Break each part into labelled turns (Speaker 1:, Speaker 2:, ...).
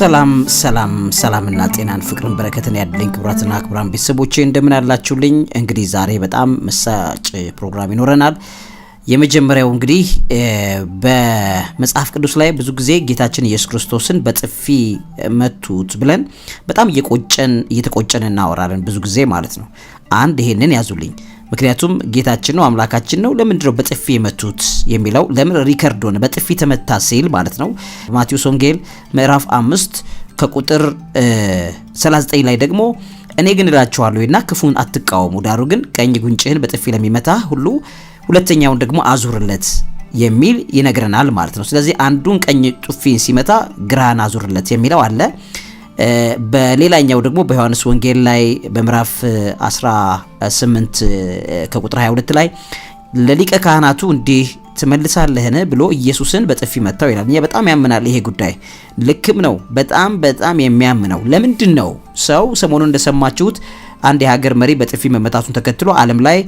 Speaker 1: ሰላም ሰላም ሰላምና ጤናን ፍቅርን በረከትን ያድልኝ። ክቡራትና ክቡራን ቤተሰቦቼ እንደምን ያላችሁልኝ? እንግዲህ ዛሬ በጣም መሳጭ ፕሮግራም ይኖረናል። የመጀመሪያው እንግዲህ በመጽሐፍ ቅዱስ ላይ ብዙ ጊዜ ጌታችን ኢየሱስ ክርስቶስን በጥፊ መቱት ብለን በጣም እየቆጨን እየተቆጨን እናወራለን ብዙ ጊዜ ማለት ነው። አንድ ይሄንን ያዙልኝ። ምክንያቱም ጌታችን ነው አምላካችን ነው። ለምንድን ነው በጥፊ የመቱት የሚለው ለምን ሪከርድ ሆነ? በጥፊ ተመታ ሲል ማለት ነው። ማቴዎስ ወንጌል ምዕራፍ አምስት ከቁጥር 39 ላይ ደግሞ እኔ ግን እላችኋለሁ እና ክፉን አትቃወሙ፣ ዳሩ ግን ቀኝ ጉንጭህን በጥፊ ለሚመታ ሁሉ ሁለተኛውን ደግሞ አዙርለት የሚል ይነግረናል ማለት ነው። ስለዚህ አንዱን ቀኝ ጡፊን ሲመታ ግራህን አዙርለት የሚለው አለ። በሌላኛው ደግሞ በዮሐንስ ወንጌል ላይ በምዕራፍ 18 ከቁጥር 22 ላይ ለሊቀ ካህናቱ እንዲህ ትመልሳለህን ብሎ ኢየሱስን በጥፊ መታው ይላል። እኛ በጣም ያምናል ይሄ ጉዳይ ልክም ነው። በጣም በጣም የሚያምነው ለምንድን ነው ሰው ሰሞኑን እንደሰማችሁት አንድ የሀገር መሪ በጥፊ መመታቱን ተከትሎ ዓለም ላይ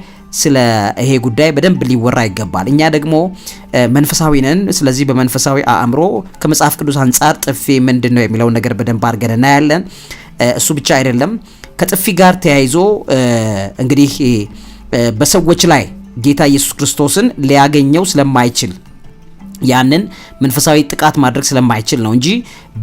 Speaker 1: ስለ ይሄ ጉዳይ በደንብ ሊወራ ይገባል። እኛ ደግሞ መንፈሳዊ ነን። ስለዚህ በመንፈሳዊ አእምሮ ከመጽሐፍ ቅዱስ አንጻር ጥፊ ምንድን ነው የሚለውን ነገር በደንብ አድርገን እናያለን። እሱ ብቻ አይደለም። ከጥፊ ጋር ተያይዞ እንግዲህ በሰዎች ላይ ጌታ ኢየሱስ ክርስቶስን ሊያገኘው ስለማይችል ያንን መንፈሳዊ ጥቃት ማድረግ ስለማይችል ነው እንጂ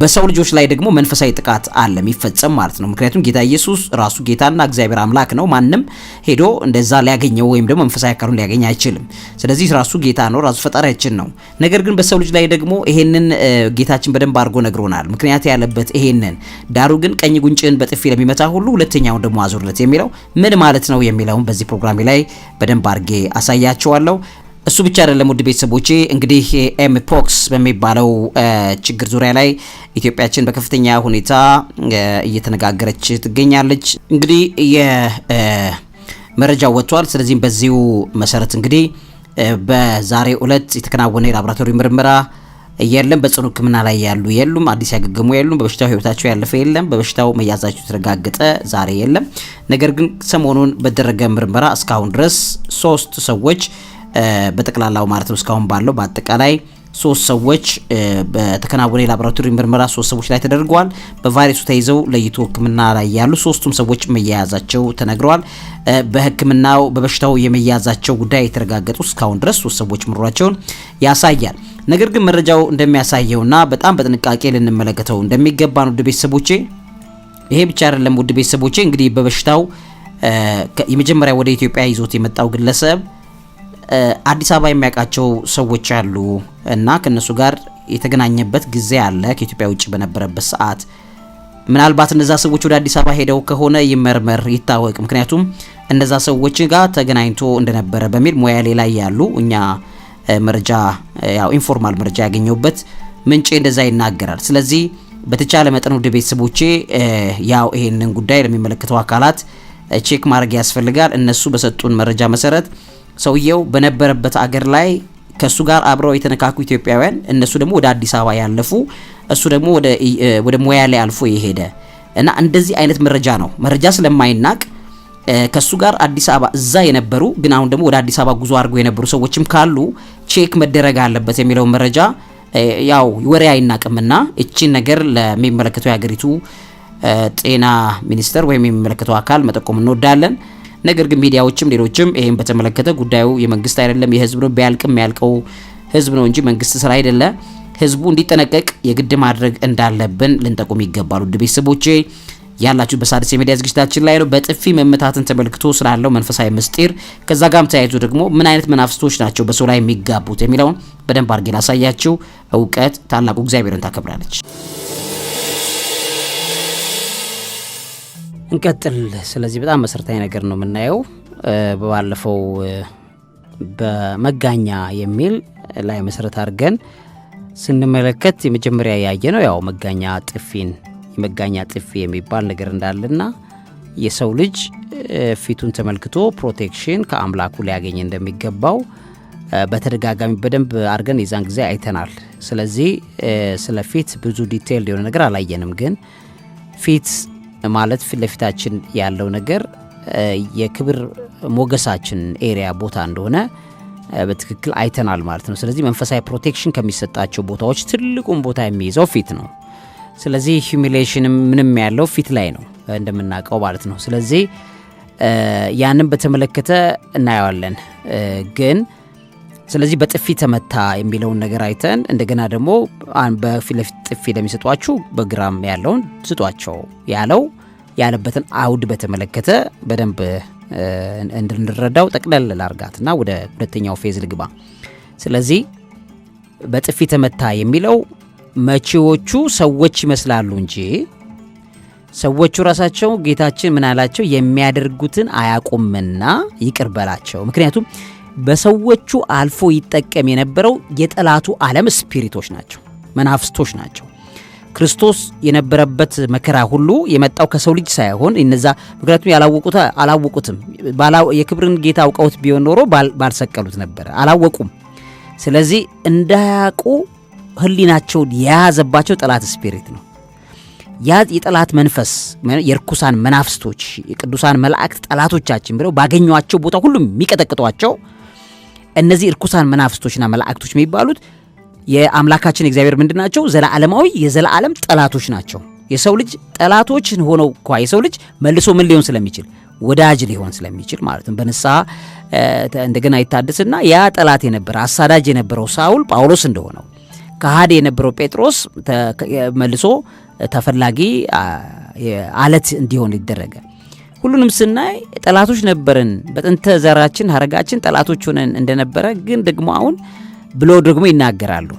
Speaker 1: በሰው ልጆች ላይ ደግሞ መንፈሳዊ ጥቃት አለ የሚፈጸም ማለት ነው። ምክንያቱም ጌታ ኢየሱስ ራሱ ጌታና እግዚአብሔር አምላክ ነው። ማንም ሄዶ እንደዛ ሊያገኘው ወይም ደግሞ መንፈሳዊ አካሉን ሊያገኝ አይችልም። ስለዚህ ራሱ ጌታ ነው፣ ራሱ ፈጣሪያችን ነው። ነገር ግን በሰው ልጅ ላይ ደግሞ ይሄንን ጌታችን በደንብ አድርጎ ነግሮናል። ምክንያት ያለበት ይሄንን ዳሩ ግን ቀኝ ጉንጭን በጥፊ ለሚመታ ሁሉ ሁለተኛውን ደግሞ አዙርለት የሚለው ምን ማለት ነው የሚለውን በዚህ ፕሮግራሜ ላይ በደንብ አድርጌ አሳያቸዋለሁ። እሱ ብቻ አይደለም ውድ ቤተሰቦቼ እንግዲህ ኤምፖክስ በሚባለው ችግር ዙሪያ ላይ ኢትዮጵያችን በከፍተኛ ሁኔታ እየተነጋገረች ትገኛለች። እንግዲህ የመረጃው ወጥቷል። ስለዚህም በዚሁ መሰረት እንግዲህ በዛሬ ዕለት የተከናወነ የላቦራቶሪ ምርመራ የለም። በጽኑ ሕክምና ላይ ያሉ የሉም። አዲስ ያገገሙ የሉም። በበሽታው ህይወታቸው ያለፈ የለም። በበሽታው መያዛቸው የተረጋገጠ ዛሬ የለም። ነገር ግን ሰሞኑን በደረገ ምርመራ እስካሁን ድረስ ሶስት ሰዎች በጠቅላላው ማለት ነው እስካሁን ባለው በአጠቃላይ ሶስት ሰዎች በተከናወነ የላቦራቶሪ ምርመራ ሶስት ሰዎች ላይ ተደርገዋል። በቫይረሱ ተይዘው ለይቶ ሕክምና ላይ ያሉ ሶስቱም ሰዎች መያያዛቸው ተነግረዋል። በሕክምናው በበሽታው የመያያዛቸው ጉዳይ የተረጋገጡ እስካሁን ድረስ ሶስት ሰዎች መኖራቸውን ያሳያል። ነገር ግን መረጃው እንደሚያሳየውና በጣም በጥንቃቄ ልንመለከተው እንደሚገባ ነው። ውድ ቤተሰቦቼ ይሄ ብቻ አይደለም። ውድ ቤተሰቦቼ እንግዲህ በበሽታው የመጀመሪያ ወደ ኢትዮጵያ ይዞት የመጣው ግለሰብ አዲስ አበባ የሚያውቃቸው ሰዎች አሉ እና ከነሱ ጋር የተገናኘበት ጊዜ አለ ከኢትዮጵያ ውጭ በነበረበት ሰዓት። ምናልባት እነዛ ሰዎች ወደ አዲስ አበባ ሄደው ከሆነ ይመርመር፣ ይታወቅ። ምክንያቱም እነዛ ሰዎች ጋር ተገናኝቶ እንደነበረ በሚል ሙያ ላይ ያሉ እኛ መረጃ ያው ኢንፎርማል መረጃ ያገኘውበት ምንጭ እንደዛ ይናገራል። ስለዚህ በተቻለ መጠን ውድ ቤተሰቦቼ ያው ይሄንን ጉዳይ ለሚመለከተው አካላት ቼክ ማድረግ ያስፈልጋል። እነሱ በሰጡን መረጃ መሰረት ሰውየው በነበረበት አገር ላይ ከእሱ ጋር አብረው የተነካኩ ኢትዮጵያውያን እነሱ ደግሞ ወደ አዲስ አበባ ያለፉ እሱ ደግሞ ወደ ሞያ ላይ አልፎ የሄደ እና እንደዚህ አይነት መረጃ ነው። መረጃ ስለማይናቅ ከእሱ ጋር አዲስ አበባ እዛ የነበሩ ግን አሁን ደግሞ ወደ አዲስ አበባ ጉዞ አድርጎ የነበሩ ሰዎችም ካሉ ቼክ መደረግ አለበት የሚለው መረጃ ያው ወሬ አይናቅምና እቺን ነገር ለሚመለከተው የሀገሪቱ ጤና ሚኒስቴር ወይም የሚመለከተው አካል መጠቆም እንወዳለን። ነገር ግን ሚዲያዎችም ሌሎችም ይሄን በተመለከተ ጉዳዩ የመንግስት አይደለም የህዝብ ነው፣ ቢያልቅም የሚያልቀው ህዝብ ነው እንጂ መንግስት ስራ አይደለ ህዝቡ እንዲጠነቀቅ የግድ ማድረግ እንዳለብን ልንጠቁም ይገባሉ። ውድ ቤተሰቦቼ ያላችሁ በሳድስ የሚዲያ ዝግጅታችን ላይ ነው። በጥፊ መመታትን ተመልክቶ ስላለው መንፈሳዊ ምስጢር ከዛ ጋም ተያይዞ ደግሞ ምን አይነት መናፍስቶች ናቸው በሰው ላይ የሚጋቡት የሚለውን በደንብ አድርጌ ላሳያችሁ። እውቀት ታላቁ እግዚአብሔርን ታከብራለች። እንቀጥል። ስለዚህ በጣም መሰረታዊ ነገር ነው የምናየው። ባለፈው በመጋኛ የሚል ላይ መሰረት አድርገን ስንመለከት የመጀመሪያ ያየ ነው ያው መጋኛ ጥፊን የመጋኛ ጥፊ የሚባል ነገር እንዳለና የሰው ልጅ ፊቱን ተመልክቶ ፕሮቴክሽን ከአምላኩ ሊያገኝ እንደሚገባው በተደጋጋሚ በደንብ አድርገን የዛን ጊዜ አይተናል። ስለዚህ ስለፊት ብዙ ዲቴይል የሆነ ነገር አላየንም፣ ግን ፊት ማለት ፊት ለፊታችን ያለው ነገር የክብር ሞገሳችን ኤሪያ ቦታ እንደሆነ በትክክል አይተናል ማለት ነው። ስለዚህ መንፈሳዊ ፕሮቴክሽን ከሚሰጣቸው ቦታዎች ትልቁን ቦታ የሚይዘው ፊት ነው። ስለዚህ ሂዩሚሌሽንም ምንም ያለው ፊት ላይ ነው እንደምናውቀው ማለት ነው። ስለዚህ ያንም በተመለከተ እናየዋለን ግን ስለዚህ በጥፊ ተመታ የሚለውን ነገር አይተን እንደገና ደግሞ በፊት ለፊት ጥፊ ለሚሰጧችሁ በግራም ያለውን ስጧቸው ያለው ያለበትን አውድ በተመለከተ በደንብ እንድንረዳው ጠቅለል እና ወደ ሁለተኛው ፌዝ ልግባ። ስለዚህ በጥፊ ተመታ የሚለው መቺዎቹ ሰዎች ይመስላሉ እንጂ ሰዎቹ ራሳቸው ጌታችን ምን አላቸው? የሚያደርጉትን አያቁምና ይቅር በላቸው። ምክንያቱም በሰዎቹ አልፎ ይጠቀም የነበረው የጠላቱ ዓለም ስፒሪቶች ናቸው፣ መናፍስቶች ናቸው። ክርስቶስ የነበረበት መከራ ሁሉ የመጣው ከሰው ልጅ ሳይሆን እነዛ ምክንያቱም ያላወቁት አላወቁትም። የክብርን ጌታ አውቀውት ቢሆን ኖሮ ባልሰቀሉት ነበረ። አላወቁም። ስለዚህ እንዳያውቁ ህሊናቸውን የያዘባቸው ጠላት ስፒሪት ነው። ያ የጠላት መንፈስ የርኩሳን መናፍስቶች፣ የቅዱሳን መላእክት ጠላቶቻችን ብለው ባገኟቸው ቦታ ሁሉም የሚቀጠቅጧቸው እነዚህ እርኩሳን መናፍስቶችና መላእክቶች የሚባሉት የአምላካችን እግዚአብሔር ምንድን ናቸው? ዘለዓለማዊ የዘላዓለም ጠላቶች ናቸው። የሰው ልጅ ጠላቶች ሆነው እንኳ የሰው ልጅ መልሶ ምን ሊሆን ስለሚችል ወዳጅ ሊሆን ስለሚችል ማለት ነው። በንስሐ እንደገና ይታደስና ያ ጠላት የነበረ አሳዳጅ የነበረው ሳውል ጳውሎስ እንደሆነው ከሃዲ የነበረው ጴጥሮስ መልሶ ተፈላጊ አለት እንዲሆን ይደረጋል። ሁሉንም ስናይ ጠላቶች ነበርን። በጥንተ ዘራችን ሀረጋችን ጠላቶች ሆነን እንደነበረ ግን ደግሞ አሁን ብሎ ደግሞ ይናገራሉ።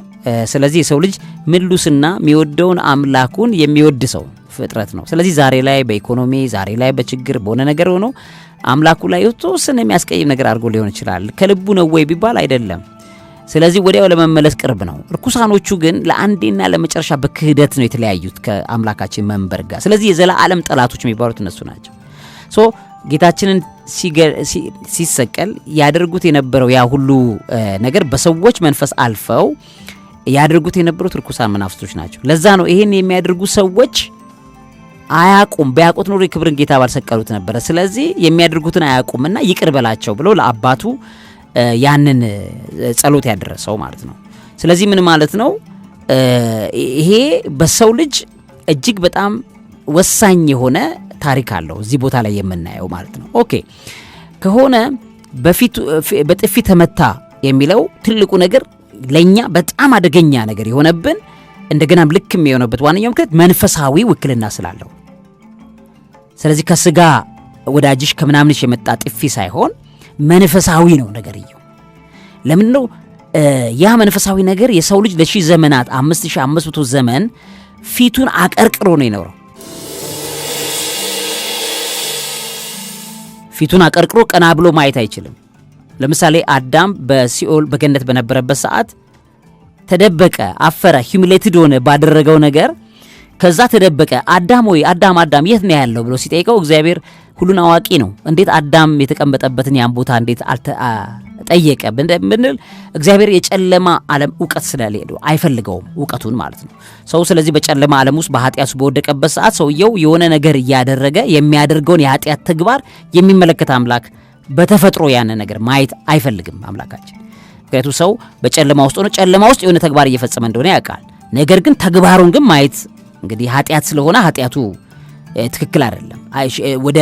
Speaker 1: ስለዚህ የሰው ልጅ ምሉስና የሚወደውን አምላኩን የሚወድ ሰው ፍጥረት ነው። ስለዚህ ዛሬ ላይ በኢኮኖሚ ዛሬ ላይ በችግር በሆነ ነገር ሆኖ አምላኩ ላይ የተወሰነ የሚያስቀይም ነገር አድርጎ ሊሆን ይችላል። ከልቡ ነው ወይ ቢባል አይደለም። ስለዚህ ወዲያው ለመመለስ ቅርብ ነው። እርኩሳኖቹ ግን ለአንዴና ለመጨረሻ በክህደት ነው የተለያዩት ከአምላካችን መንበር ጋር። ስለዚህ ዓለም ጠላቶች የሚባሉት እነሱ ናቸው። ሶ ጌታችንን ሲሰቀል ያደርጉት የነበረው ያ ሁሉ ነገር በሰዎች መንፈስ አልፈው ያደርጉት የነበሩት ርኩሳን መናፍስቶች ናቸው። ለዛ ነው ይሄን የሚያደርጉ ሰዎች አያቁም። ቢያውቁት ኖሮ የክብርን ጌታ ባልሰቀሉት ነበረ። ስለዚህ የሚያደርጉትን አያቁም እና ይቅር በላቸው ብሎ ለአባቱ ያንን ጸሎት ያደረሰው ማለት ነው። ስለዚህ ምን ማለት ነው? ይሄ በሰው ልጅ እጅግ በጣም ወሳኝ የሆነ ታሪክ አለው እዚህ ቦታ ላይ የምናየው ማለት ነው። ኦኬ ከሆነ በጥፊ ተመታ የሚለው ትልቁ ነገር ለእኛ በጣም አደገኛ ነገር የሆነብን እንደገናም ልክም የሆነበት ዋነኛው ምክንያት መንፈሳዊ ውክልና ስላለው። ስለዚህ ከስጋ ወዳጅሽ ከምናምንሽ የመጣ ጥፊ ሳይሆን መንፈሳዊ ነው ነገርየው። ለምንድን ነው ያ መንፈሳዊ ነገር? የሰው ልጅ ለሺህ ዘመናት አምስት ዘመን ፊቱን አቀርቅሮ ነው የኖረው። ፊቱን አቀርቅሮ ቀና ብሎ ማየት አይችልም። ለምሳሌ አዳም በሲኦል በገነት በነበረበት ሰዓት ተደበቀ፣ አፈረ፣ ሂሚሌትድ ሆነ ባደረገው ነገር። ከዛ ተደበቀ። አዳም ወይ አዳም አዳም የት ነው ያለው ብሎ ሲጠይቀው እግዚአብሔር ሁሉን አዋቂ ነው፣ እንዴት አዳም የተቀመጠበትን ያን ቦታ እንዴት ጠየቀ ብንል እግዚአብሔር የጨለማ ዓለም እውቀት ስለሌለው አይፈልገውም፣ እውቀቱን ማለት ነው። ሰው ስለዚህ በጨለማ ዓለም ውስጥ በኃጢአቱ በወደቀበት ሰዓት ሰውየው የሆነ ነገር እያደረገ የሚያደርገውን የኃጢአት ተግባር የሚመለከት አምላክ በተፈጥሮ ያንን ነገር ማየት አይፈልግም አምላካችን። ምክንያቱ ሰው በጨለማ ውስጥ ሆኖ ጨለማ ውስጥ የሆነ ተግባር እየፈጸመ እንደሆነ ያውቃል። ነገር ግን ተግባሩን ግን ማየት እንግዲህ ኃጢአት ስለሆነ ኃጢአቱ ትክክል አይደለም። ወደ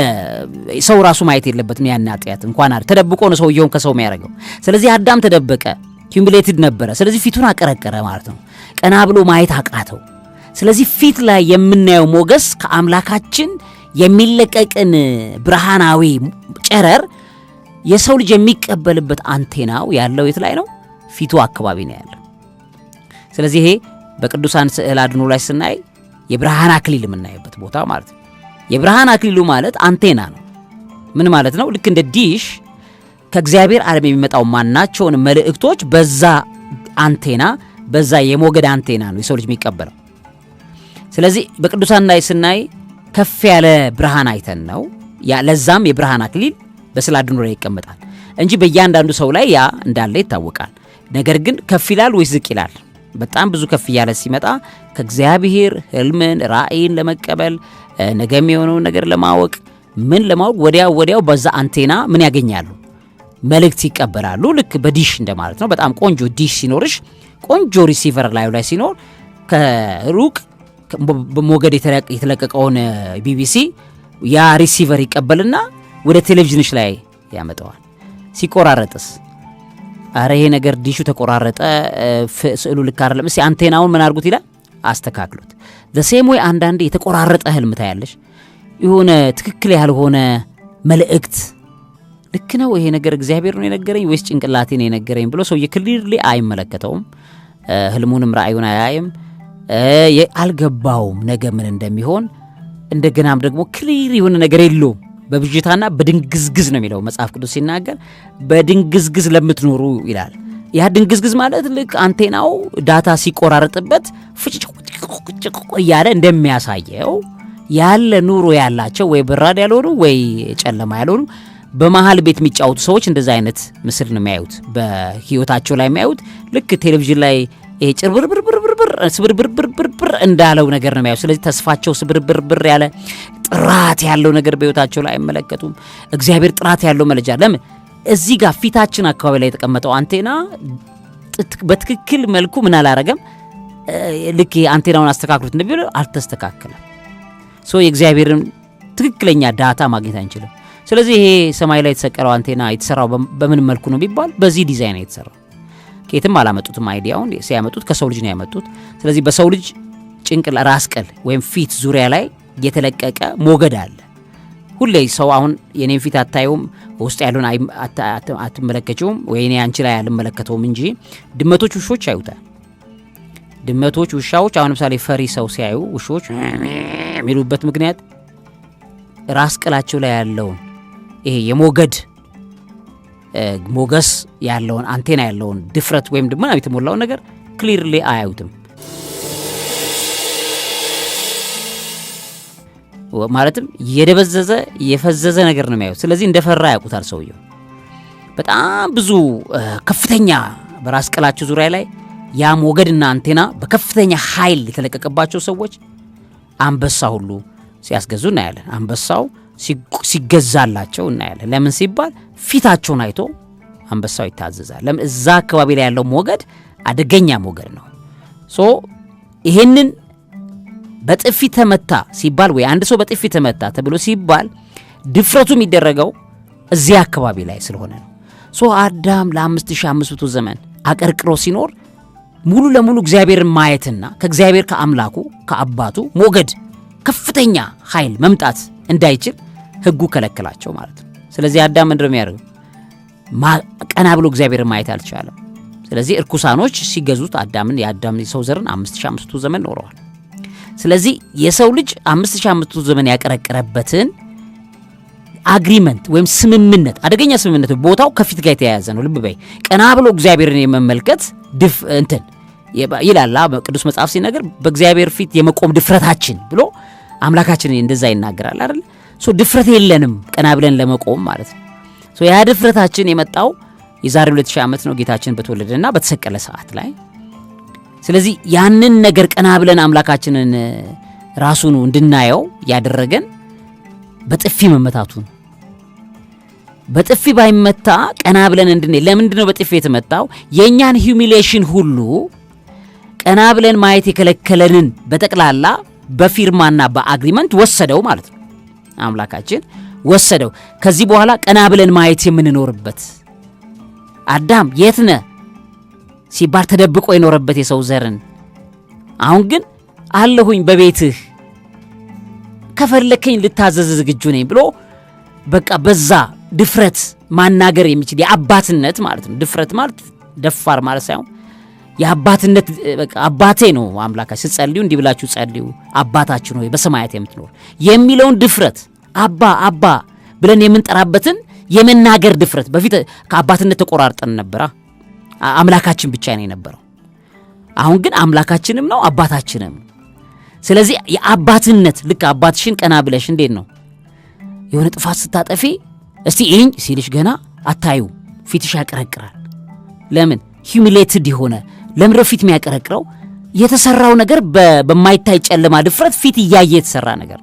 Speaker 1: ሰው ራሱ ማየት የለበትም። ያን አጥያት እንኳን አይደል ተደብቆ ነው ሰውየውን ከሰው የሚያደርገው። ስለዚህ አዳም ተደበቀ፣ ኪሙሌትድ ነበረ። ስለዚህ ፊቱን አቀረቀረ ማለት ነው። ቀና ብሎ ማየት አቃተው። ስለዚህ ፊት ላይ የምናየው ሞገስ ከአምላካችን የሚለቀቅን ብርሃናዊ ጨረር የሰው ልጅ የሚቀበልበት አንቴናው ያለው የት ላይ ነው? ፊቱ አካባቢ ነው ያለው። ስለዚህ ይሄ በቅዱሳን ስዕል አድኖ ላይ ስናይ የብርሃን አክሊል የምናየበት ቦታ ማለት ነው። የብርሃን አክሊሉ ማለት አንቴና ነው። ምን ማለት ነው? ልክ እንደ ዲሽ ከእግዚአብሔር ዓለም የሚመጣው ማናቸውን መልእክቶች በዛ አንቴና በዛ የሞገድ አንቴና ነው የሰው ልጅ የሚቀበለው። ስለዚህ በቅዱሳን ላይ ስናይ ከፍ ያለ ብርሃን አይተን ነው። ለዛም የብርሃን አክሊል በስላድኑ ላይ ይቀመጣል እንጂ በእያንዳንዱ ሰው ላይ ያ እንዳለ ይታወቃል። ነገር ግን ከፍ ይላል ወይስ ዝቅ ይላል? በጣም ብዙ ከፍ እያለ ሲመጣ ከእግዚአብሔር ህልምን፣ ራእይን ለመቀበል ነገም የሆነውን ነገር ለማወቅ ምን ለማወቅ ወዲያው ወዲያው በዛ አንቴና ምን ያገኛሉ? መልእክት ይቀበላሉ። ልክ በዲሽ እንደማለት ነው። በጣም ቆንጆ ዲሽ ሲኖርሽ ቆንጆ ሪሲቨር ላዩ ላይ ሲኖር ከሩቅ ሞገድ የተለቀቀውን ቢቢሲ ያ ሪሲቨር ይቀበልና ወደ ቴሌቪዥንሽ ላይ ያመጣዋል። ሲቆራረጥስ አረ ይሄ ነገር ዲሹ ተቆራረጠ፣ ስዕሉ ልክ አይደለም፣ እስቲ አንቴናውን ምን አድርጉት ይላል፣ አስተካክሉት። ሴም ወይ አንዳንዴ የተቆራረጠ ህልም ታያለሽ፣ የሆነ ትክክል ያልሆነ መልእክት። ልክ ነው ይሄ ነገር እግዚአብሔር ነው የነገረኝ ወይስ ጭንቅላቴ ነው የነገረኝ ብሎ ሰውዬ ክሊርሊ አይመለከተውም። ህልሙንም ራእዩን አያይም፣ አልገባውም ነገ ምን እንደሚሆን እንደገናም ደግሞ ክሊር የሆነ ነገር የለውም። በብዥታና በድንግዝግዝ ነው የሚለው መጽሐፍ ቅዱስ ሲናገር፣ በድንግዝግዝ ለምትኖሩ ይላል። ያ ድንግዝግዝ ማለት ልክ አንቴናው ዳታ ሲቆራረጥበት ፍጭጭቁጭቁ እያለ እንደሚያሳየው ያለ ኑሮ ያላቸው ወይ ብራድ ያልሆኑ ወይ ጨለማ ያልሆኑ በመሀል ቤት የሚጫወቱ ሰዎች እንደዚ አይነት ምስል ነው የሚያዩት፣ በህይወታቸው ላይ የሚያዩት ልክ ቴሌቪዥን ላይ ይሄ ጭርብርብርብርብር ስብርብርብርብርብር እንዳለው ነገር ነው የሚያዩት። ስለዚህ ተስፋቸው ስብርብርብር ያለ ጥራት ያለው ነገር በህይወታቸው ላይ አይመለከቱም። እግዚአብሔር ጥራት ያለው መለጃ ለምን እዚህ ጋር ፊታችን አካባቢ ላይ የተቀመጠው አንቴና በትክክል መልኩ ምን አላረገም። ልክ አንቴናውን አስተካክሉት እንደሚለው አልተስተካከለም። ሶ የእግዚአብሔርን ትክክለኛ ዳታ ማግኘት አንችልም። ስለዚህ ይሄ ሰማይ ላይ የተሰቀለው አንቴና የተሰራው በምን መልኩ ነው ቢባል በዚህ ዲዛይን የተሰራው ከየትም አላመጡትም። አይዲያውን ሲያመጡት ከሰው ልጅ ነው ያመጡት። ስለዚህ በሰው ልጅ ጭንቅላ ራስ ቀል ወይም ፊት ዙሪያ ላይ የተለቀቀ ሞገድ አለ። ሁሌ ሰው አሁን የኔን ፊት አታየውም፣ ውስጥ ያሉን አትመለከችውም፣ ወይ እኔ አንቺ ላይ አልመለከተውም እንጂ ድመቶች፣ ውሾች ያዩታል። ድመቶች፣ ውሻዎች አሁን ለምሳሌ ፈሪ ሰው ሲያዩ ውሾች የሚሉበት ምክንያት ራስ ቅላቸው ላይ ያለውን ይሄ የሞገድ ሞገስ ያለውን አንቴና ያለውን ድፍረት ወይም ድማ የተሞላውን ነገር ክሊርሊ አያዩትም። ማለትም የደበዘዘ የፈዘዘ ነገር ነው የሚያዩት። ስለዚህ እንደፈራ ያውቁታል ሰውየው። በጣም ብዙ ከፍተኛ በራስ ቅላቸው ዙሪያ ላይ ያ ሞገድና አንቴና በከፍተኛ ኃይል የተለቀቀባቸው ሰዎች አንበሳ ሁሉ ሲያስገዙ እናያለን። አንበሳው ሲገዛላቸው እናያለን። ለምን ሲባል ፊታቸውን አይቶ አንበሳው ይታዘዛል። ለምን እዛ አካባቢ ላይ ያለው ሞገድ አደገኛ ሞገድ ነው። ሶ ይሄንን በጥፊ ተመታ ሲባል ወይ አንድ ሰው በጥፊ ተመታ ተብሎ ሲባል ድፍረቱ የሚደረገው እዚያ አካባቢ ላይ ስለሆነ ነው። ሶ አዳም ለ5500 ዘመን አቀርቅሮ ሲኖር ሙሉ ለሙሉ እግዚአብሔርን ማየትና ከእግዚአብሔር ከአምላኩ ከአባቱ ሞገድ ከፍተኛ ኃይል መምጣት እንዳይችል ሕጉ ከለክላቸው ማለት ነው። ስለዚህ አዳም ምንድነው የሚያደርገው? ቀና ብሎ እግዚአብሔርን ማየት አልቻለም። ስለዚህ እርኩሳኖች ሲገዙት አዳምን የአዳም ሰው ዘርን 5500 ዘመን ኖረዋል። ስለዚህ የሰው ልጅ 5500 ዘመን ያቀረቀረበትን አግሪመንት ወይም ስምምነት አደገኛ ስምምነት ቦታው ከፊት ጋር የተያያዘ ነው። ልብ በይ። ቀና ብሎ እግዚአብሔርን የመመልከት ድፍ እንትን ይላል ቅዱስ መጽሐፍ ሲነገር በእግዚአብሔር ፊት የመቆም ድፍረታችን ብሎ አምላካችን እንደዛ ይናገራል አይደል? ሶ ድፍረት የለንም ቀና ብለን ለመቆም ማለት ነው። ያ ድፍረታችን የመጣው የዛሬ 2000 ዓመት ነው ጌታችን በተወለደና በተሰቀለ ሰዓት ላይ ስለዚህ ያንን ነገር ቀና ብለን አምላካችንን ራሱን እንድናየው ያደረገን በጥፊ መመታቱ ነው። በጥፊ ባይመታ ቀና ብለን እንድንሄድ። ለምንድን ነው በጥፊ የተመታው? የእኛን ሂዩሚሌሽን ሁሉ ቀና ብለን ማየት የከለከለንን በጠቅላላ በፊርማና በአግሪመንት ወሰደው ማለት ነው። አምላካችን ወሰደው። ከዚህ በኋላ ቀና ብለን ማየት የምንኖርበት አዳም የት ነህ ሲባል ተደብቆ የኖረበት የሰው ዘርን አሁን ግን አለሁኝ በቤትህ ከፈለከኝ ልታዘዝ ዝግጁ ነኝ ብሎ በቃ በዛ ድፍረት ማናገር የሚችል የአባትነት ማለት ነው። ድፍረት ማለት ደፋር ማለት ሳይሆን የአባትነት አባቴ ነው አምላካችን፣ ስትጸልዩ እንዲህ ብላችሁ ጸልዩ፣ አባታችን ሆይ በሰማያት የምትኖር የሚለውን ድፍረት አባ አባ ብለን የምንጠራበትን የመናገር ድፍረት። በፊት ከአባትነት ተቆራርጠን ነበራ። አምላካችን ብቻ ነው የነበረው። አሁን ግን አምላካችንም ነው አባታችንም። ስለዚህ የአባትነት ልክ አባትሽን ቀና ብለሽ እንዴት ነው የሆነ ጥፋት ስታጠፊ እስቲ ይህኝ ሲልሽ ገና አታዩ፣ ፊትሽ ያቀረቅራል። ለምን ሂሚሌትድ የሆነ ለምድረ ፊት የሚያቀረቅረው የተሰራው ነገር በማይታይ ጨለማ ድፍረት ፊት እያየ የተሰራ ነገር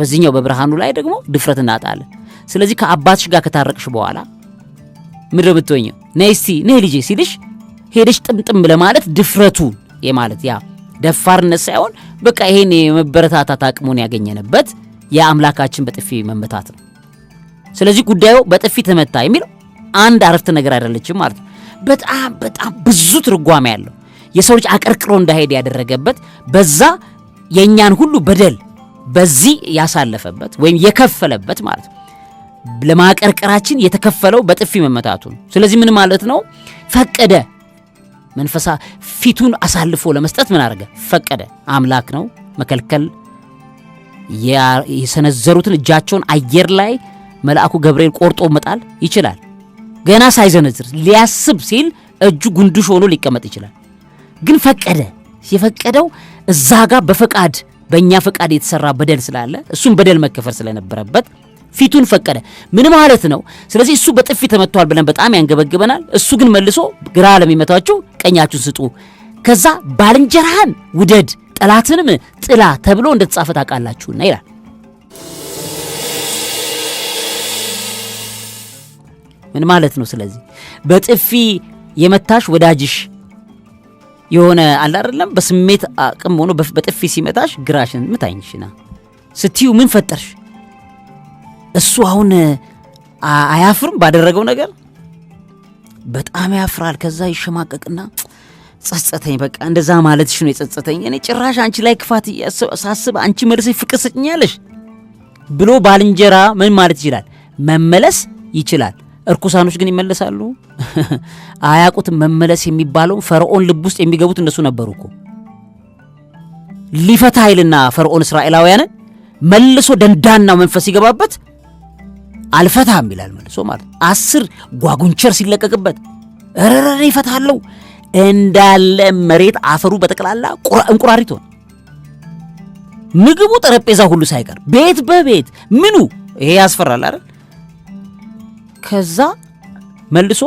Speaker 1: በዚህኛው በብርሃኑ ላይ ደግሞ ድፍረት እናጣለን። ስለዚህ ከአባትሽ ጋር ከታረቅሽ በኋላ ምድረ ብትወኘው ነይ እስቲ ነይ ልጄ ሲልሽ ሄደሽ ጥምጥም ለማለት ድፍረቱ የማለት ያ ደፋርነት ሳይሆን በቃ ይሄን የመበረታታት አቅሙን ያገኘንበት የአምላካችን በጥፊ መመታት ነው። ስለዚህ ጉዳዩ በጥፊ ተመታ የሚለው አንድ አረፍተ ነገር አይደለችም ማለት ነው። በጣም በጣም ብዙ ትርጓሜ ያለው የሰው ልጅ አቀርቅሮ እንዳሄድ ያደረገበት በዛ የእኛን ሁሉ በደል በዚህ ያሳለፈበት ወይም የከፈለበት ማለት ነው። ለማቀርቀራችን የተከፈለው በጥፊ መመታቱ ነው። ስለዚህ ምን ማለት ነው? ፈቀደ መንፈሳ ፊቱን አሳልፎ ለመስጠት ምን አደረገ? ፈቀደ። አምላክ ነው። መከልከል የሰነዘሩትን እጃቸውን አየር ላይ መልአኩ ገብርኤል ቆርጦ መጣል ይችላል። ገና ሳይዘነዝር ሊያስብ ሲል እጁ ጉንዱሽ ሆኖ ሊቀመጥ ይችላል። ግን ፈቀደ። የፈቀደው እዛ ጋር በፈቃድ በእኛ ፈቃድ የተሰራ በደል ስላለ እሱም በደል መከፈል ስለነበረበት ፊቱን ፈቀደ። ምን ማለት ነው? ስለዚህ እሱ በጥፊ ተመቷል ብለን በጣም ያንገበግበናል። እሱ ግን መልሶ ግራ ለሚመታችሁ ቀኛችሁን ስጡ፣ ከዛ ባልንጀራህን ውደድ ጠላትንም ጥላ ተብሎ እንደተጻፈ ታውቃላችሁና ይላል። ምን ማለት ነው? ስለዚህ በጥፊ የመታሽ ወዳጅሽ የሆነ አለ አይደለም፣ በስሜት አቅም ሆኖ በጥፊ ሲመታሽ ግራሽን ምታኝሽና ስትዩ ምን ፈጠርሽ? እሱ አሁን አያፍርም ባደረገው ነገር በጣም ያፍራል። ከዛ ይሸማቀቅና ጸጸተኝ፣ በቃ እንደዛ ማለትሽ ነው የጸጸተኝ። እኔ ጭራሽ አንቺ ላይ ክፋት ሳስብ አንቺ መልሰሽ ፍቅር ሰጭኛለሽ ብሎ ባልንጀራ ምን ማለት ይችላል? መመለስ ይችላል። እርኩሳኖች ግን ይመለሳሉ? አያቁት መመለስ የሚባለውን ፈርዖን ልብ ውስጥ የሚገቡት እነሱ ነበሩ እኮ ሊፈታ ኃይልና ፈርዖን እስራኤላውያንን መልሶ ደንዳና መንፈስ ይገባበት አልፈታም ይላል መልሶ ማለት አስር ጓጉንቸር ሲለቀቅበት ረረረ ይፈታለው እንዳለ መሬት አፈሩ በጠቅላላ እንቁራሪት ሆነ። ምግቡ ጠረጴዛ ሁሉ ሳይቀር ቤት በቤት ምኑ ይሄ ያስፈራል አይደል? ከዛ መልሶ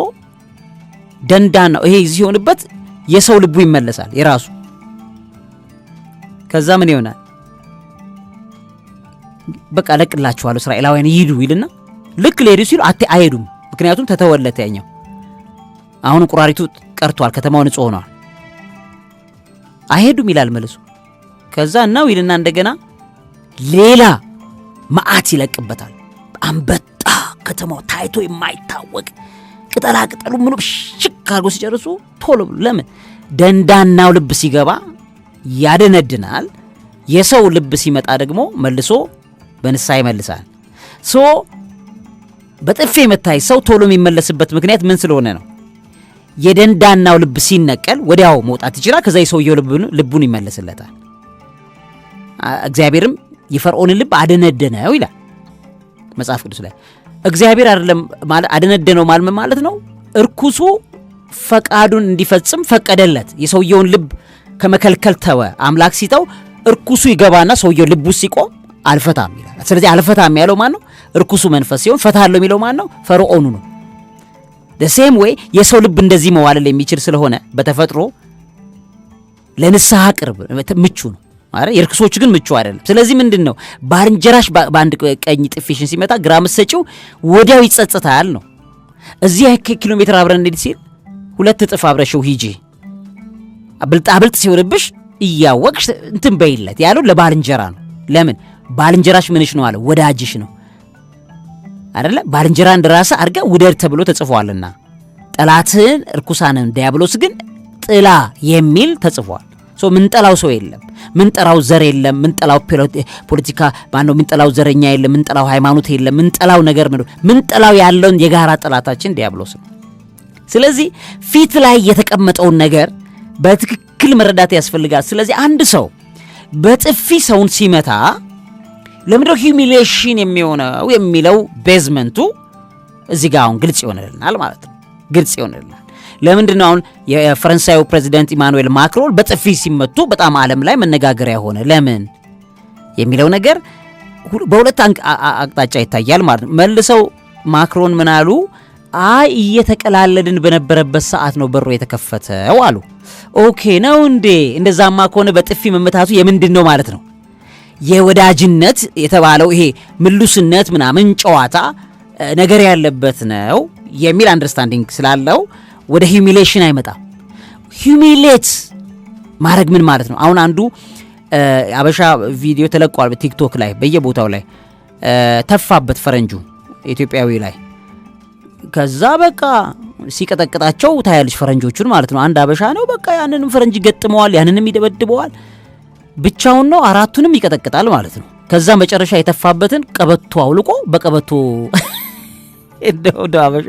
Speaker 1: ደንዳና ይሄ ሲሆንበት የሰው ልቡ ይመለሳል የራሱ። ከዛ ምን ይሆናል? በቃ ለቅላችኋለሁ እስራኤላውያን ይሂዱ ይልና ልክ ሌዲ ሲሉ አቴ አይሄዱም። ምክንያቱም ተተወለት ያኛው አሁን ቁራሪቱ ቀርቷል፣ ከተማው ንጹህ ሆኗል። አይሄዱም ይላል መልሱ። ከዛ እናው ይልና እንደገና ሌላ መዓት ይለቅበታል። አንበጣ ከተማው ታይቶ የማይታወቅ ቅጠላ ቅጠሉ ምኑ ሽክ አድርጎ ሲጨርሱ ቶሎ ለምን ደንዳናው ልብ ሲገባ ያደነድናል። የሰው ልብ ሲመጣ ደግሞ መልሶ በንሳ ይመልሳል። ሶ በጥፊ የመታኝ ሰው ቶሎ የሚመለስበት ምክንያት ምን ስለሆነ ነው? የደንዳናው ልብ ሲነቀል ወዲያው መውጣት ይችላል። ከዛ የሰውየው ልቡን ይመለስለታል። እግዚአብሔርም የፈርዖንን ልብ አደነደነው ይላል መጽሐፍ ቅዱስ ላይ። እግዚአብሔር አይደለም ማለት አደነደነው ማለት ማለት ነው። እርኩሱ ፈቃዱን እንዲፈጽም ፈቀደለት። የሰውየውን ልብ ከመከልከል ተወ። አምላክ ሲተው እርኩሱ ይገባና ሰውየው ልቡ ሲቆም አልፈታም ይላል። ስለዚህ አልፈታም ያለው ማን ነው? እርኩሱ መንፈስ ሲሆን ፈታለሁ የሚለው ማን ነው? ፈርዖኑ ነው። ሴም ወይ የሰው ልብ እንደዚህ መዋለል የሚችል ስለሆነ በተፈጥሮ ለንስሐ ቅርብ ምቹ ነው። አረ የርክሶቹ ግን ምቹ አይደለም። ስለዚህ ምንድን ነው ባልንጀራሽ በአንድ ቀኝ ጥፊሽን ሲመታ ግራ ምትሰጪው ወዲያው ይጸጸታል ነው። እዚህ ያህል ኪሎ ሜትር አብረን እንሂድ ሲል ሁለት እጥፍ አብረሽው ሂጂ ብልጣብልጥ ሲሆንብሽ እያወቅሽ እንትን በይለት ያሉ ለባልንጀራ ነው። ለምን ባልንጀራሽ ምንሽ ነው አለ። ወዳጅሽ ነው አይደለ? ባልንጀራ እንደራስህ አድርጋ ውደድ ተብሎ ተጽፏልና ጠላትህን እርኩሳንን ዲያብሎስ ግን ጥላ የሚል ተጽፏል። ምንጠላው ሰው የለም፣ ምንጠላው ዘር የለም፣ ምንጠላው ፖለቲካ ማነው፣ ምንጠላው ዘረኛ የለም፣ ምንጠላው ሃይማኖት የለም፣ ምንጠላው ነገር ምን ምንጠላው ያለውን የጋራ ጠላታችን ዲያብሎስ ነው። ስለዚህ ፊት ላይ የተቀመጠውን ነገር በትክክል መረዳት ያስፈልጋል። ስለዚህ አንድ ሰው በጥፊ ሰውን ሲመታ ለምድረ ሂሚሌሽን የሚሆነው የሚለው ቤዝመንቱ እዚህ ጋር አሁን ግልጽ ይሆንልናል ማለት ነው። ግልጽ ይሆንልናል። ለምንድን ነው አሁን የፈረንሳዩ ፕሬዚደንት ኢማኑኤል ማክሮን በጥፊ ሲመቱ በጣም ዓለም ላይ መነጋገሪያ ሆነ? ለምን የሚለው ነገር በሁለት አቅጣጫ ይታያል ማለት ነው። መልሰው ማክሮን ምን አሉ? አይ እየተቀላለድን በነበረበት ሰዓት ነው በሩ የተከፈተው አሉ። ኦኬ ነው እንዴ? እንደዛማ ከሆነ በጥፊ መመታቱ የምንድን ነው ማለት ነው? የወዳጅነት የተባለው ይሄ ምሉስነት ምናምን ጨዋታ ነገር ያለበት ነው የሚል አንደርስታንዲንግ ስላለው ወደ ሂዩሚሌሽን አይመጣም። ሂዩሚሌት ማድረግ ምን ማለት ነው? አሁን አንዱ አበሻ ቪዲዮ ተለቋል በቲክቶክ ላይ በየቦታው ላይ ተፋበት ፈረንጁ ኢትዮጵያዊ ላይ ከዛ በቃ ሲቀጠቅጣቸው ታያለች ፈረንጆቹን ማለት ነው። አንድ አበሻ ነው በቃ ያንንም ፈረንጅ ገጥመዋል፣ ያንንም ይደበድበዋል። ብቻውን ነው፣ አራቱንም ይቀጠቅጣል ማለት ነው። ከዛ መጨረሻ የተፋበትን ቀበቶ አውልቆ በቀበቶ እንደው አበሻ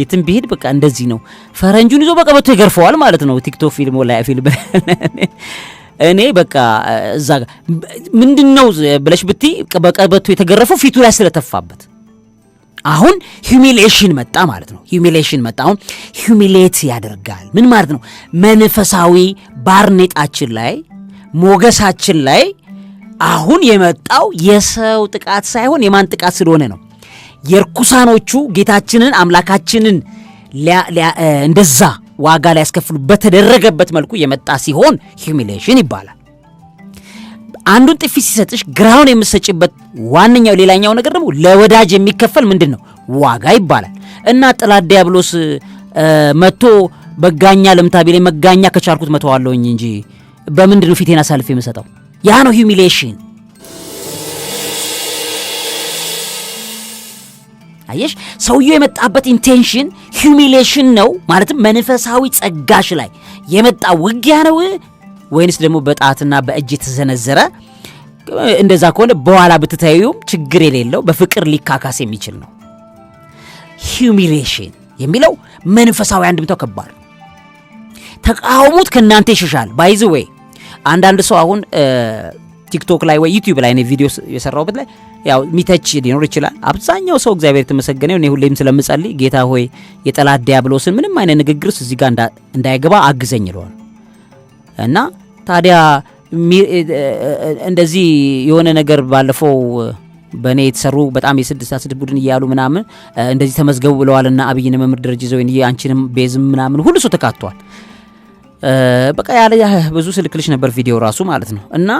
Speaker 1: የትም ቢሄድ በቃ እንደዚህ ነው። ፈረንጁን ይዞ በቀበቶ ይገርፈዋል ማለት ነው። ቲክቶክ ፊልም ላይ ፊልም እኔ በቃ እዛ ምንድን ነው ብለሽ ብቲ በቀበቶ የተገረፈው ፊቱ ላይ ስለተፋበት አሁን ሂዩሚሌሽን መጣ ማለት ነው። ሂዩሚሌሽን መጣ አሁን ሂዩሚሌት ያደርጋል። ምን ማለት ነው? መንፈሳዊ ባርኔጣችን ላይ ሞገሳችን ላይ አሁን የመጣው የሰው ጥቃት ሳይሆን የማን ጥቃት ስለሆነ ነው። የርኩሳኖቹ ጌታችንን አምላካችንን እንደዛ ዋጋ ሊያስከፍሉ በተደረገበት መልኩ የመጣ ሲሆን ሂዩሚሌሽን ይባላል። አንዱን ጥፊ ሲሰጥሽ ግራውን የምሰጭበት ዋነኛው ሌላኛው ነገር ደግሞ ለወዳጅ የሚከፈል ምንድን ነው ዋጋ ይባላል። እና ጠላት ዲያብሎስ መጥቶ መጋኛ ለምታቢ ቢለኝ መጋኛ ከቻልኩት መተዋለውኝ እንጂ በምንድን ነው ፊቴን አሳልፍ የምሰጠው? ያ ነው ሂዩሚሌሽን። አየሽ ሰውየው የመጣበት ኢንቴንሽን ሂዩሚሊሽን ነው። ማለትም መንፈሳዊ ጸጋሽ ላይ የመጣ ውጊያ ነው ወይንስ ደግሞ በጣትና በእጅ የተሰነዘረ? እንደዛ ከሆነ በኋላ ብትታዩም ችግር የሌለው በፍቅር ሊካካስ የሚችል ነው። ሂዩሚሊሽን የሚለው መንፈሳዊ አንድምታው ከባድ ተቃውሙት ከእናንተ ይሸሻል ባይዝ ወይ አንዳንድ ሰው አሁን ቲክቶክ ላይ ወይ ዩቲዩብ ላይ እኔ ቪዲዮ የሰራሁበት ላይ ያው ሚተች ሊኖር ይችላል። አብዛኛው ሰው እግዚአብሔር የተመሰገነው እኔ ሁሌም ስለምጸልይ ጌታ ሆይ የጠላት ዲያብሎስን ምንም አይነት ንግግርስ እዚህ ጋር እንዳይገባ አግዘኝ ይለዋል እና ታዲያ እንደዚህ የሆነ ነገር ባለፈው በእኔ የተሰሩ በጣም የስድስት ስድስት ቡድን እያሉ ምናምን እንደዚህ ተመዝገቡ ብለዋልና አብይን መምህር ደረጃ ይዘው አንቺንም ቤዝም ምናምን ሁሉ ሰው ተካቷል። በቃ ያለ ብዙ ስልክልሽ ነበር ቪዲዮ ራሱ ማለት ነው። እና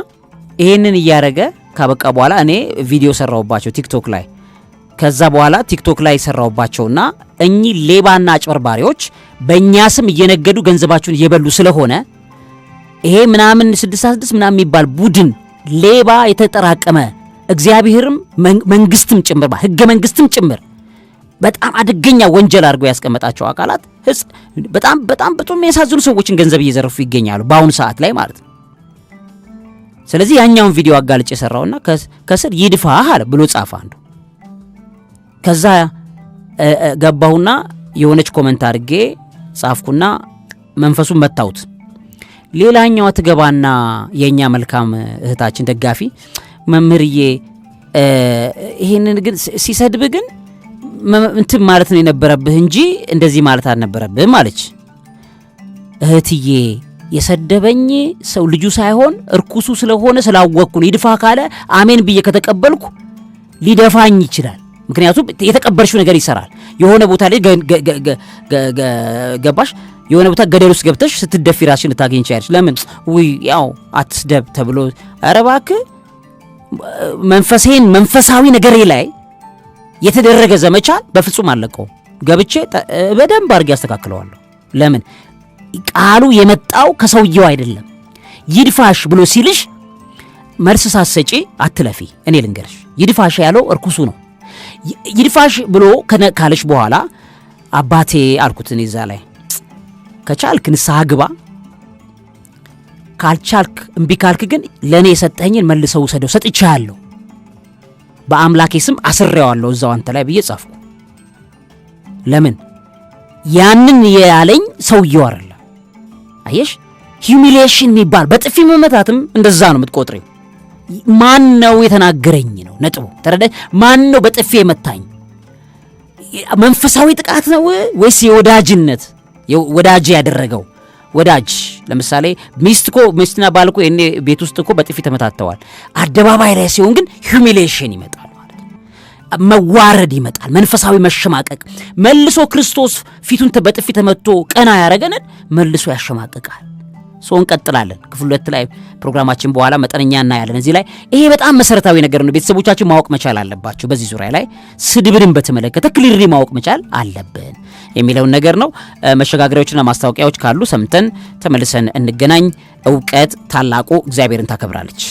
Speaker 1: ይሄንን እያደረገ ካበቃ በኋላ እኔ ቪዲዮ ሰራውባቸው ቲክቶክ ላይ። ከዛ በኋላ ቲክቶክ ላይ ሰራውባቸውና እኚህ ሌባና አጭበርባሪዎች በእኛ ስም እየነገዱ ገንዘባችሁን እየበሉ ስለሆነ ይሄ ምናምን 66 ምናምን የሚባል ቡድን ሌባ የተጠራቀመ እግዚአብሔርም መንግስትም ጭምር ህገ መንግስትም ጭምር በጣም አደገኛ ወንጀል አድርገው ያስቀመጣቸው አካላት በጣም በጣም በጣም የሚያሳዝኑ ሰዎችን ገንዘብ እየዘረፉ ይገኛሉ በአሁኑ ሰዓት ላይ ማለት ነው። ስለዚህ ያኛውን ቪዲዮ አጋልጭ የሰራውና ከስር ይድፋህ አለ ብሎ ጻፈ አንዱ። ከዛ ገባሁና የሆነች ኮመንት አድርጌ ጻፍኩና መንፈሱን መታሁት። ሌላኛዋ ትገባና የእኛ መልካም እህታችን ደጋፊ መምህርዬ፣ ይሄንን ግን ሲሰድብ ግን እንትን ማለት ነው የነበረብህ እንጂ እንደዚህ ማለት አልነበረብህም አለች። እህትዬ የሰደበኝ ሰው ልጁ ሳይሆን እርኩሱ ስለሆነ ስላወቅኩ ነው። ይድፋ ካለ አሜን ብዬ ከተቀበልኩ ሊደፋኝ ይችላል። ምክንያቱም የተቀበልሽው ነገር ይሰራል። የሆነ ቦታ ላይ ገባሽ፣ የሆነ ቦታ ገደል ውስጥ ገብተሽ ስትደፊ ራስሽን ልታገኝ ይችላለሽ። ለምን ውይ ያው አትስደብ ተብሎ ኧረ እባክህ መንፈሴን መንፈሳዊ ነገሬ ላይ የተደረገ ዘመቻ በፍጹም አለቀው ገብቼ በደንብ አድርጌ ያስተካክለዋለሁ። ለምን ቃሉ የመጣው ከሰውየው አይደለም። ይድፋሽ ብሎ ሲልሽ መልስ ሳትሰጪ አትለፊ። እኔ ልንገርሽ ይድፋሽ ያለው እርኩሱ ነው። ይድፋሽ ብሎ ካለሽ በኋላ አባቴ አልኩት እኔ እዛ ላይ ከቻልክ ንስሐ ግባ፣ ካልቻልክ እምቢ ካልክ ግን ለእኔ የሰጠኝን መልሰው ውሰደው ሰጥቻለሁ በአምላኬ ስም አስሬዋለሁ እዛው አንተ ላይ ብዬ ጻፍኩ። ለምን ያንን ያለኝ ሰውየው አይደለ። አየሽ ሂዩሚሊየሽን የሚባል በጥፊ መመታትም እንደዛ ነው የምትቆጥሪው። ማን ነው የተናገረኝ ነው ነጥቡ። ተረዳሽ? ማን ነው በጥፊ የመታኝ? መንፈሳዊ ጥቃት ነው ወይስ የወዳጅነት ወዳጅ ያደረገው ወዳጅ ለምሳሌ ሚስት እኮ ሚስትና ባል እኮ የኔ ቤት ውስጥ እኮ በጥፊ ተመታተዋል። አደባባይ ላይ ሲሆን ግን ሂዩሚሌሽን ይመጣል ማለት መዋረድ ይመጣል፣ መንፈሳዊ መሸማቀቅ መልሶ ክርስቶስ ፊቱን በጥፊ ተመቶ ቀና ያረገንን መልሶ ያሸማቅቃል። ሶ እንቀጥላለን። ክፍል ሁለት ላይ ፕሮግራማችን በኋላ መጠነኛ እናያለን። እዚህ ላይ ይሄ በጣም መሰረታዊ ነገር ነው። ቤተሰቦቻችን ማወቅ መቻል አለባቸው። በዚህ ዙሪያ ላይ ስድብን በተመለከተ ክሊርሊ ማወቅ መቻል አለብን የሚለውን ነገር ነው። መሸጋገሪያዎችና ማስታወቂያዎች ካሉ ሰምተን ተመልሰን እንገናኝ። እውቀት ታላቁ እግዚአብሔርን ታከብራለች።